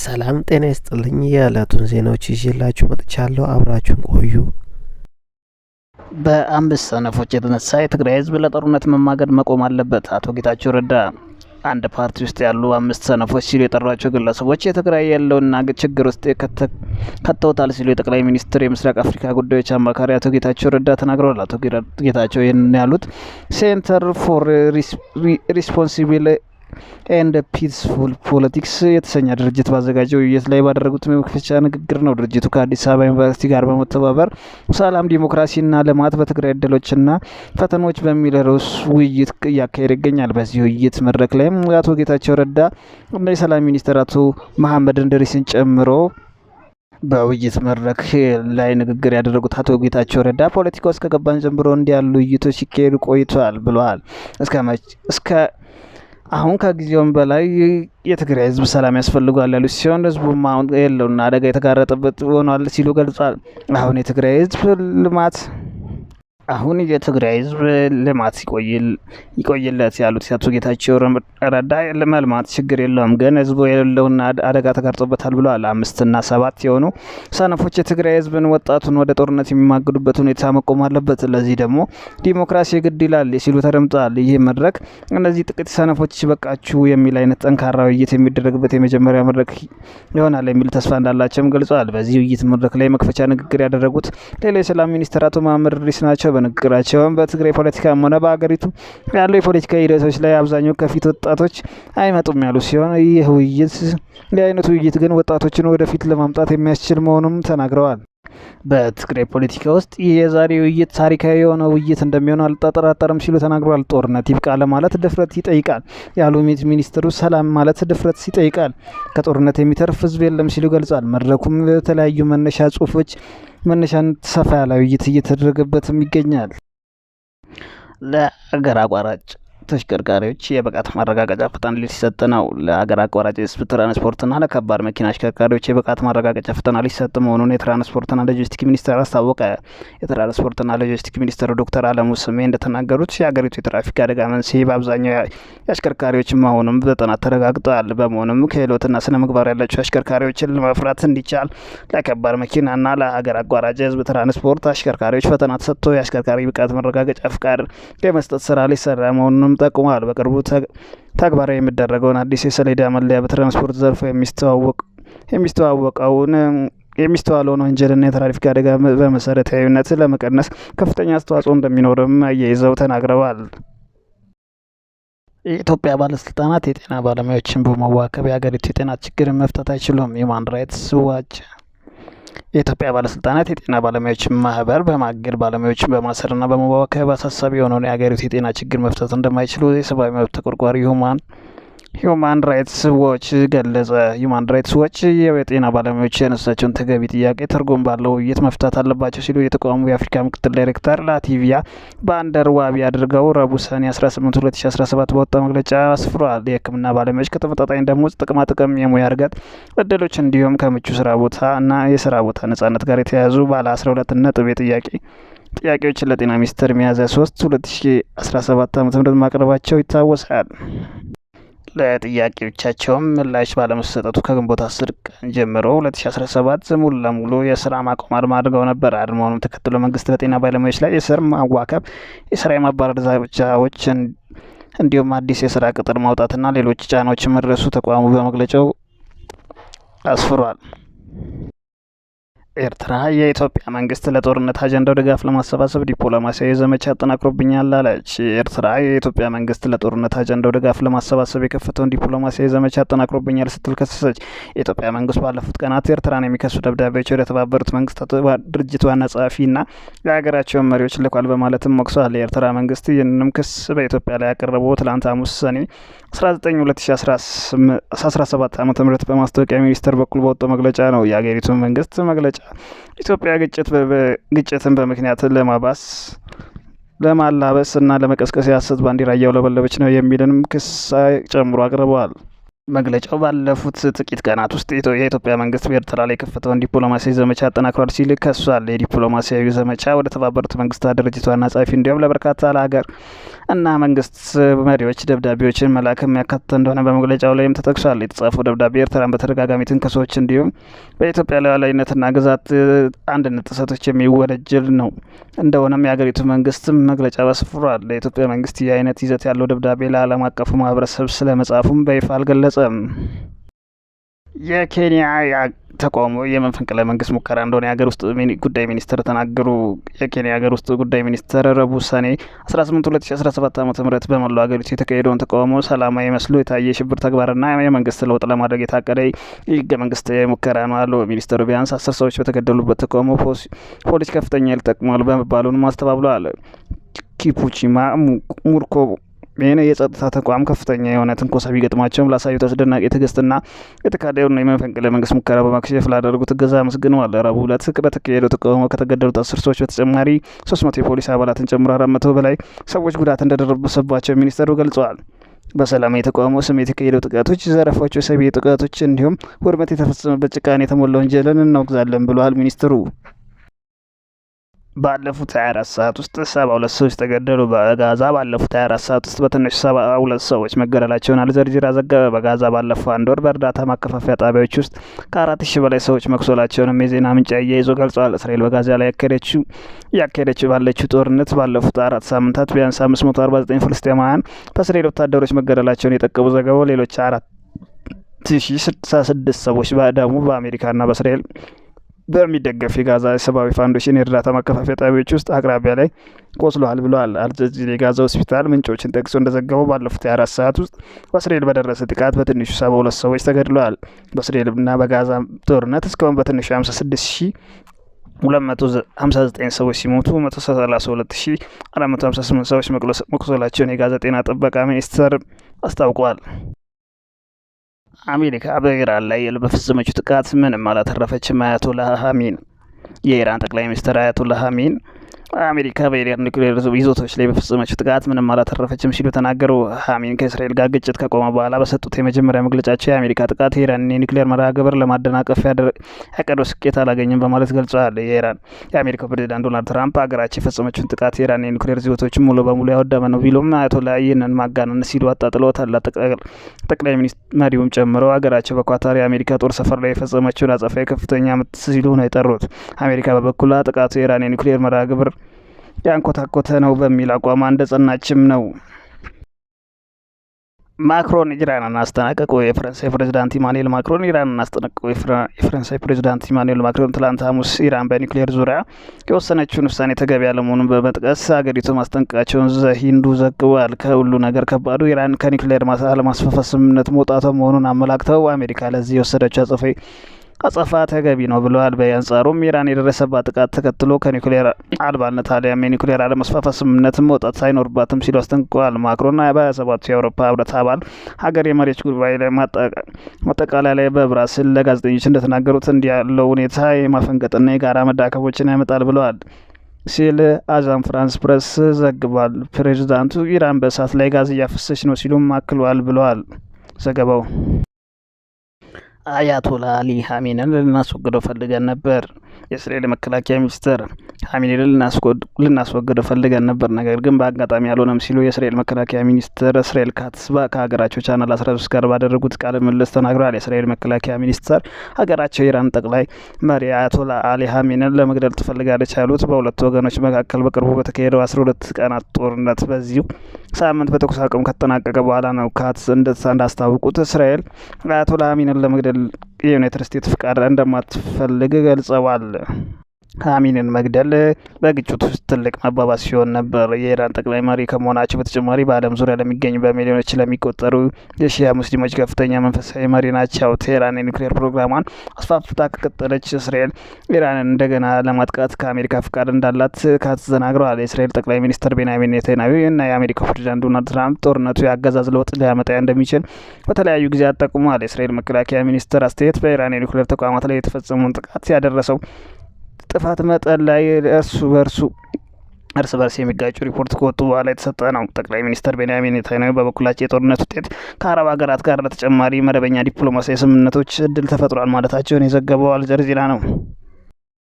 ሰላም ጤና ይስጥልኝ። የዕለቱን ዜናዎች ይዤላችሁ መጥቻለሁ። አብራችሁን ቆዩ። በአምስት ሰነፎች የተነሳ የትግራይ ህዝብ ለጦርነት መማገድ መቆም አለበት አቶ ጌታቸው ረዳ። አንድ ፓርቲ ውስጥ ያሉ አምስት ሰነፎች ሲሉ የጠሯቸው ግለሰቦች የትግራይ ያለውና ችግር ውስጥ ከተውታል ሲሉ የጠቅላይ ሚኒስትር የምስራቅ አፍሪካ ጉዳዮች አማካሪ አቶ ጌታቸው ረዳ ተናግረዋል። አቶ ጌታቸው ይህንን ያሉት ሴንተር ፎር ሪስፖንሲቢል ኤንድ ፒስፉል ፖለቲክስ የተሰኘ ድርጅት ባዘጋጀው ውይይት ላይ ባደረጉት መክፈቻ ንግግር ነው። ድርጅቱ ከአዲስ አበባ ዩኒቨርሲቲ ጋር በመተባበር ሰላም፣ ዲሞክራሲና ልማት በትግራይ እድሎችና ፈተናዎች በሚል ርዕስ ውይይት እያካሄደ ይገኛል። በዚህ ውይይት መድረክ ላይም አቶ ጌታቸው ረዳ እና የሰላም ሚኒስትር አቶ መሐመድ እንድሪስን ጨምሮ በውይይት መድረክ ላይ ንግግር ያደረጉት አቶ ጌታቸው ረዳ ፖለቲካ እስከ ከገባን ጀምሮ እንዲያሉ ውይይቶች ሲካሄዱ ቆይተዋል ብለዋል። እስከ አሁን ከጊዜውም በላይ የትግራይ ህዝብ ሰላም ያስፈልጓል ያሉ ሲሆን ህዝቡም አሁን የለውና አደጋ የተጋረጠበት ሆኗል ሲሉ ገልጿል። አሁን የትግራይ ህዝብ ልማት አሁን የትግራይ ህዝብ ልማት ይቆይለት ያሉት አቶ ጌታቸው ረዳ ለመልማት ችግር የለውም ግን ህዝቡ የሌለውና አደጋ ተጋርጦበታል ብለዋል። አምስትና ሰባት የሆኑ ሰነፎች የትግራይ ህዝብን ወጣቱን ወደ ጦርነት የሚማግዱበት ሁኔታ መቆም አለበት፣ ለዚህ ደግሞ ዲሞክራሲ ግድ ይላል ሲሉ ተደምጠዋል። ይህ መድረክ እነዚህ ጥቂት ሰነፎች በቃችሁ የሚል አይነት ጠንካራ ውይይት የሚደረግበት የመጀመሪያ መድረክ ይሆናል የሚል ተስፋ እንዳላቸውም ገልጸዋል። በዚህ ውይይት መድረክ ላይ መክፈቻ ንግግር ያደረጉት ሌላ የሰላም ሚኒስትር አቶ መሀመድ ሪስ ናቸው። በንግግራቸውም በትግራይ ፖለቲካም ሆነ በሀገሪቱ ያሉ የፖለቲካ ሂደቶች ላይ አብዛኛው ከፊት ወጣቶች አይመጡም ያሉ ሲሆን ይህ ውይይት የአይነቱ ውይይት ግን ወጣቶችን ወደፊት ለማምጣት የሚያስችል መሆኑም ተናግረዋል። በትግራይ ፖለቲካ ውስጥ የዛሬ ውይይት ታሪካዊ የሆነ ውይይት እንደሚሆን አልጠራጠርም ሲሉ ተናግሯል። ጦርነት ይብቃ ለማለት ድፍረት ይጠይቃል ያሉ ሚኒስትሩ ሰላም ማለት ድፍረት ይጠይቃል፣ ከጦርነት የሚተርፍ ህዝብ የለም ሲሉ ገልጿል። መድረኩም በተለያዩ መነሻ ጽሁፎች መነሻነት ሰፋ ያለ ውይይት እየተደረገበትም ይገኛል። ለአገር አቋራጭ ተሽከርካሪዎች የብቃት ማረጋገጫ ፈተና ሊሰጥ ነው። ለሀገር አቋራጭ የህዝብ ትራንስፖርትና ለከባድ መኪና አሽከርካሪዎች የብቃት ማረጋገጫ ፈተና ሊሰጥ መሆኑን የትራንስፖርትና ሎጂስቲክ ሚኒስቴር አስታወቀ። የትራንስፖርትና ሎጂስቲክ ሚኒስትሩ ዶክተር አለሙ ስሜ እንደተናገሩት የሀገሪቱ የትራፊክ አደጋ መንስኤ በአብዛኛው የአሽከርካሪዎች መሆኑም በጥናት ተረጋግጧል። በመሆኑም ክህሎትና ስነ ምግባር ያላቸው አሽከርካሪዎችን ለማፍራት እንዲቻል ለከባድ መኪናና ለሀገር አቋራጭ ህዝብ ትራንስፖርት አሽከርካሪዎች ፈተና ተሰጥቶ የአሽከርካሪ ብቃት ማረጋገጫ ፍቃድ የመስጠት ስራ ሊሰራ መሆኑንም ጠቁመዋል። በቅርቡ ተግባራዊ የሚደረገውን አዲስ የሰሌዳ መለያ በትራንስፖርት የሚስተዋወቅ የሚስተዋወቀውን የሚስተዋለውን ወንጀልና የትራፊክ አደጋ በመሰረታዊነት ለመቀነስ ከፍተኛ አስተዋጽኦ እንደሚኖርም አያይዘው ተናግረዋል። የኢትዮጵያ ባለስልጣናት የጤና ባለሙያዎችን በመዋከብ የሀገሪቱ የጤና ችግርን መፍታት አይችሉም። ሂውማን ራይትስ ዋች የኢትዮጵያ ባለስልጣናት የጤና ባለሙያዎች ማህበር በማገድ ባለሙያዎችን በማሰርና በመዋከብ አሳሳቢ የሆነውን የአገሪቱ የጤና ችግር መፍታት እንደማይችሉ የሰብአዊ መብት ተቆርቋሪ ሁማን ሂዩማን ራይትስ ዎች ገለጸ። ሂዩማን ራይትስ ዎች የጤና ባለሙያዎች የነሳቸውን ተገቢ ጥያቄ ትርጉም ባለው ውይይት መፍታት አለባቸው ሲሉ የተቋሙ የአፍሪካ ምክትል ዳይሬክተር ላቲቪያ በአንደር ዋቢ አድርገው ረቡዕ ሰኔ 18 2017 በወጣ መግለጫ አስፍሯል። የህክምና ባለሙያዎች ከተመጣጣኝ ደሞዝ፣ ጥቅማ ጥቅም፣ የሙያ እርገት እድሎች እንዲሁም ከምቹ ስራ ቦታ እና የስራ ቦታ ነጻነት ጋር የተያያዙ ባለ 12 ነጥብ የጥያቄ ጥያቄዎችን ለጤና ሚኒስቴር ሚያዝያ 3 2017 ዓ ም ማቅረባቸው ይታወሳል። ለጥያቄዎቻቸውም ምላሽ ባለመሰጠቱ ከግንቦት አስር ቀን ጀምሮ 2017 ሙሉ ለሙሉ የስራ ማቆም አድማ አድርገው ነበር። አድማውንም ተከትሎ መንግስት በጤና ባለሙያዎች ላይ የስር ማዋከብ፣ የስራ የማባረር ዛቻዎች እንዲሁም አዲስ የስራ ቅጥር ማውጣትና ሌሎች ጫናዎች መድረሱ ተቋሙ በመግለጫው አስፍሯል። ኤርትራ የኢትዮጵያ መንግስት ለጦርነት አጀንዳው ድጋፍ ለማሰባሰብ ዲፕሎማሲያዊ ዘመቻ አጠናክሮብኛል አለች። ኤርትራ የኢትዮጵያ መንግስት ለጦርነት አጀንዳው ድጋፍ ለማሰባሰብ የከፈተውን ዲፕሎማሲያዊ ዘመቻ አጠናክሮብኛል ስትል ከሰሰች። የኢትዮጵያ መንግስት ባለፉት ቀናት ኤርትራን የሚከሱ ደብዳቤዎች ወደ ተባበሩት መንግስታት ድርጅት ዋና ጸሐፊና የሀገራቸውን መሪዎች ልኳል በማለትም ወቅሰዋል። የኤርትራ መንግስት ይህንንም ክስ በኢትዮጵያ ላይ ያቀረበው ትላንት ሐሙስ ሰኔ 19 2017 ዓ ም በማስታወቂያ ሚኒስቴር በኩል በወጣው መግለጫ ነው። የአገሪቱ መንግስት መግለጫ ኢትዮጵያ ግጭት ግጭትን በምክንያት ለማባስ ለማላበስ እና ለመቀስቀስ የሀሰት ባንዲራ እያውለበለበች ነው የሚልንም ክስ ጨምሮ አቅርበዋል። መግለጫው ባለፉት ጥቂት ቀናት ውስጥ የኢትዮጵያ መንግስት በኤርትራ ላይ የከፈተውን ዲፕሎማሲያዊ ዘመቻ አጠናክሯል ሲል ከሷል። የዲፕሎማሲያዊ ዘመቻ ወደ ተባበሩት መንግስታት ድርጅት ዋና ጸሐፊ እንዲሁም ለበርካታ ለሀገር እና መንግስት መሪዎች ደብዳቤዎችን መላክ የሚያካትተ እንደሆነ በመግለጫው ላይም ተጠቅሷል። የተጻፈው ደብዳቤ ኤርትራን በተደጋጋሚ ትንከሶች እንዲሁም በኢትዮጵያ ሉዓላዊነትና ግዛት አንድነት ጥሰቶች የሚወነጀል ነው እንደሆነም የሀገሪቱ መንግስት መግለጫ በስፍሯል። ለኢትዮጵያ መንግስት ይህ ይዘት ያለው ደብዳቤ ለዓለም አቀፉ ማህበረሰብ ስለመጻፉም በይፋ አልገለጸ ሲፈጸም የኬንያ ተቃውሞ የመፈንቅለ መንግስት ሙከራ እንደሆነ የሀገር ውስጥ ጉዳይ ሚኒስትር ተናገሩ። የኬንያ የሀገር ውስጥ ጉዳይ ሚኒስትር ረቡዕ ሰኔ 18 2017 ዓ ም በመላው ሀገሪቱ የተካሄደውን ተቃውሞ ሰላማዊ መስሎ የታየ ሽብር ተግባርና የመንግስት ለውጥ ለማድረግ የታቀደ ህገ መንግስታዊ ሙከራ ነው አሉ። ሚኒስትሩ ቢያንስ አስር ሰዎች በተገደሉበት ተቃውሞ ፖሊስ ከፍተኛ ይል ጠቅሟል አስተባብለዋል። ኪፑቺማ ሙርኮ ይህን የጸጥታ ተቋም ከፍተኛ የሆነ ትንኮሳ ቢገጥማቸውም ላሳዩት አስደናቂ ትዕግስትና የተካሄደውን የመፈንቅለ መንግስት ሙከራ በማክሸፍ ላደረጉት እገዛ አመስግነዋል። ረቡዕ ዕለት በተካሄደው ተቃውሞ ከተገደሉት አስር ሰዎች በተጨማሪ ሶስት መቶ የፖሊስ አባላትን ጨምሮ አራት መቶ በላይ ሰዎች ጉዳት እንደደረሰባቸው ሚኒስተሩ ገልጸዋል። በሰላማዊ የተቃውሞ ስም የተካሄደው ጥቃቶች፣ ዘረፋቸው፣ የሰብአዊ ጥቃቶች እንዲሁም ውድመት የተፈጸመበት ጭካኔ የተሞላ ወንጀልን እናወግዛለን ብለዋል ሚኒስትሩ። ባለፉት 24 ሰዓት ውስጥ 72 ሰዎች ተገደሉ። በጋዛ ባለፉት 24 ሰዓት ውስጥ በትንሹ 72 ሰዎች መገደላቸውን አልጀዚራ ዘገበ። በጋዛ ባለፈው አንድ ወር በእርዳታ ማከፋፈያ ጣቢያዎች ውስጥ ከአራት ሺህ በላይ ሰዎች መቁሰላቸውንም የዜና ምንጭ አያይዞ ገልጿል። እስራኤል በጋዛ ላይ ያካሄደችው ያካሄደችው ባለችው ጦርነት ባለፉት አራት ሳምንታት ቢያንስ 549 ፍልስጤማውያን በእስራኤል ወታደሮች መገደላቸውን የጠቀሙ ዘገባው ሌሎች አራት ሺህ ስድሳ ስድስት ሰዎች ደግሞ በአሜሪካና በእስራኤል በሚደገፍ የጋዛ ሰብአዊ ፋውንዴሽን የእርዳታ ማከፋፈያ ጣቢያዎች ውስጥ አቅራቢያ ላይ ቆስሏል ብለዋል። አልጀዚር የጋዛ ሆስፒታል ምንጮችን ጠቅሶ እንደዘገበው ባለፉት የአራት ሰዓት ውስጥ በእስራኤል በደረሰ ጥቃት በትንሹ ሰባ ሁለት ሰዎች ተገድለዋል። በእስራኤልና በጋዛ ጦርነት እስካሁን በትንሹ 56 ሺህ 259 ሰዎች ሲሞቱ 132458 ሰዎች መቁሰላቸውን የጋዛ ጤና ጥበቃ ሚኒስቴር አስታውቋል። አሜሪካ በኢራን ላይ በፈጸመችው ጥቃት ምንም አላተረፈችም። አያቶላህ ሀሚን የኢራን ጠቅላይ ሚኒስትር አያቶላህ ሀሚን አሜሪካ በኢራን ኒውክሌር ይዞታዎች ላይ በፈጸመችው ጥቃት ምንም አላተረፈችም ሲሉ ተናገሩ። ሀሚን ከእስራኤል ጋር ግጭት ከቆመ በኋላ በሰጡት የመጀመሪያ መግለጫቸው የአሜሪካ ጥቃት የኢራንን የኒውክሌር መርሃ ግብር ለማደናቀፍ ያቀደው ስኬት አላገኝም በማለት ገልጸዋል። የኢራን የአሜሪካው ፕሬዚዳንት ዶናልድ ትራምፕ ሀገራቸው የፈጸመችውን ጥቃት የኢራን የኒውክሌር ይዞታዎችን ሙሉ በሙሉ ያወደመ ነው ቢሉም ላይ ይህንን ማጋነን ሲሉ አጣጥለዋል። ጠቅላይ ሚኒስትር መሪውም ጨምሮ ሀገራቸው በኳታር የአሜሪካ ጦር ሰፈር ላይ የፈጸመችውን አጸፋዊ ከፍተኛ ምት ሲሉ ነው የጠሩት። አሜሪካ በበኩሏ ጥቃቱ የኢራን የኒውክሌር መርሃ ግብር ያንኮታኮተ ነው በሚል አቋም እንደጸናችም ነው። ማክሮን ኢራንን አስጠነቀቁ። የፈረንሳይ ፕሬዚዳንት ኢማኑኤል ማክሮን ኢራንን አስጠነቀቁ። የፈረንሳይ ፕሬዚዳንት ኢማኑኤል ማክሮን ትላንት ሐሙስ ኢራን በኒውክሌር ዙሪያ የወሰነችውን ውሳኔ ተገቢ ያለመሆኑን በመጥቀስ አገሪቱ ማስጠንቀቃቸውን ዘሂንዱ ዘግቧል። ከሁሉ ነገር ከባዱ ኢራን ከኒውክሌር አለማስፋፋት ስምምነት መውጣቷ መሆኑን አመላክተው አሜሪካ ለዚህ የወሰደችው አጸፋዊ አጸፋ ተገቢ ነው ብለዋል። በአንጻሩም ኢራን የደረሰባት ጥቃት ተከትሎ ከኒኩሌር አልባነት አሊያም የኒኩሌር አለመስፋፋት ስምምነት መውጣት አይኖርባትም ሲሉ አስጠንቅቀዋል። ማክሮና ሰባቱ የአውሮፓ ህብረት አባል ሀገር የመሪዎች ጉባኤ ላይ ማጠቃለያ ላይ በብራስል ለጋዜጠኞች እንደተናገሩት እንዲህ ያለው ሁኔታ የማፈንገጥና የጋራ መዳከቦችን ያመጣል ብለዋል ሲል አዛን ፍራንስ ፕረስ ዘግቧል። ፕሬዚዳንቱ ኢራን በእሳት ላይ ጋዝ እያፈሰች ነው ሲሉም አክሏል ብለዋል ዘገባው። አያቶላ አሊ ሀሜንን ልናስወግደው ፈልገን ነበር። የእስራኤል መከላከያ ሚኒስትር ሀሜንን ልናስወግደው ፈልገን ነበር፣ ነገር ግን በአጋጣሚ አልሆነም ሲሉ የእስራኤል መከላከያ ሚኒስትር እስራኤል ካትስ ከሀገራቸው ቻናል ሶስት ጋር ባደረጉት ቃለ ምልልስ ተናግረዋል። የእስራኤል መከላከያ ሚኒስትር ሀገራቸው የኢራን ጠቅላይ መሪ አያቶላ አሊ ሀሜንን ለመግደል ትፈልጋለች ያሉት በሁለቱ ወገኖች መካከል በቅርቡ በተካሄደው ሁለት ቀናት ጦርነት በዚሁ ሳምንት በተኩስ አቁም ከተጠናቀቀ በኋላ ነው ካትስ እንዳስታወቁት እስራኤል አያቶላ ሀሚንን ለመግደል የዩናይትድ ስቴትስ ፍቃድ እንደማትፈልግ ገልጸዋል። አሚንን መግደል በግጭት ውስጥ ትልቅ መባባስ ሲሆን ነበር። የኢራን ጠቅላይ መሪ ከመሆናቸው በተጨማሪ በዓለም ዙሪያ ለሚገኙ በሚሊዮኖች ለሚቆጠሩ የሺያ ሙስሊሞች ከፍተኛ መንፈሳዊ መሪ ናቸው። ቴህራን የኒውክሌር ፕሮግራሟን አስፋፍታ ከቀጠለች እስራኤል ኢራንን እንደገና ለማጥቃት ከአሜሪካ ፍቃድ እንዳላት ተናግረዋል። የእስራኤል ጠቅላይ ሚኒስትር ቤንያሚን ኔታንያሁ እና የአሜሪካ ፕሬዚዳንት ዶናልድ ትራምፕ ጦርነቱ የአገዛዝ ለውጥ ሊያመጣ እንደሚችል በተለያዩ ጊዜ ጠቁመዋል። የእስራኤል መከላከያ ሚኒስትር አስተያየት በኢራን የኒውክሌር ተቋማት ላይ የተፈጸመውን ጥቃት ያደረሰው ጥፋት መጠን ላይ እርሱ በርሱ እርስ በርስ የሚጋጩ ሪፖርት ከወጡ በኋላ የተሰጠ ነው። ጠቅላይ ሚኒስትር ቤንያሚን ኔታንያሁ በበኩላቸው የጦርነት ውጤት ከአረብ ሀገራት ጋር ለተጨማሪ መደበኛ ዲፕሎማሲያዊ ስምምነቶች እድል ተፈጥሯል ማለታቸውን የዘገበው አልጀርዚና ነው።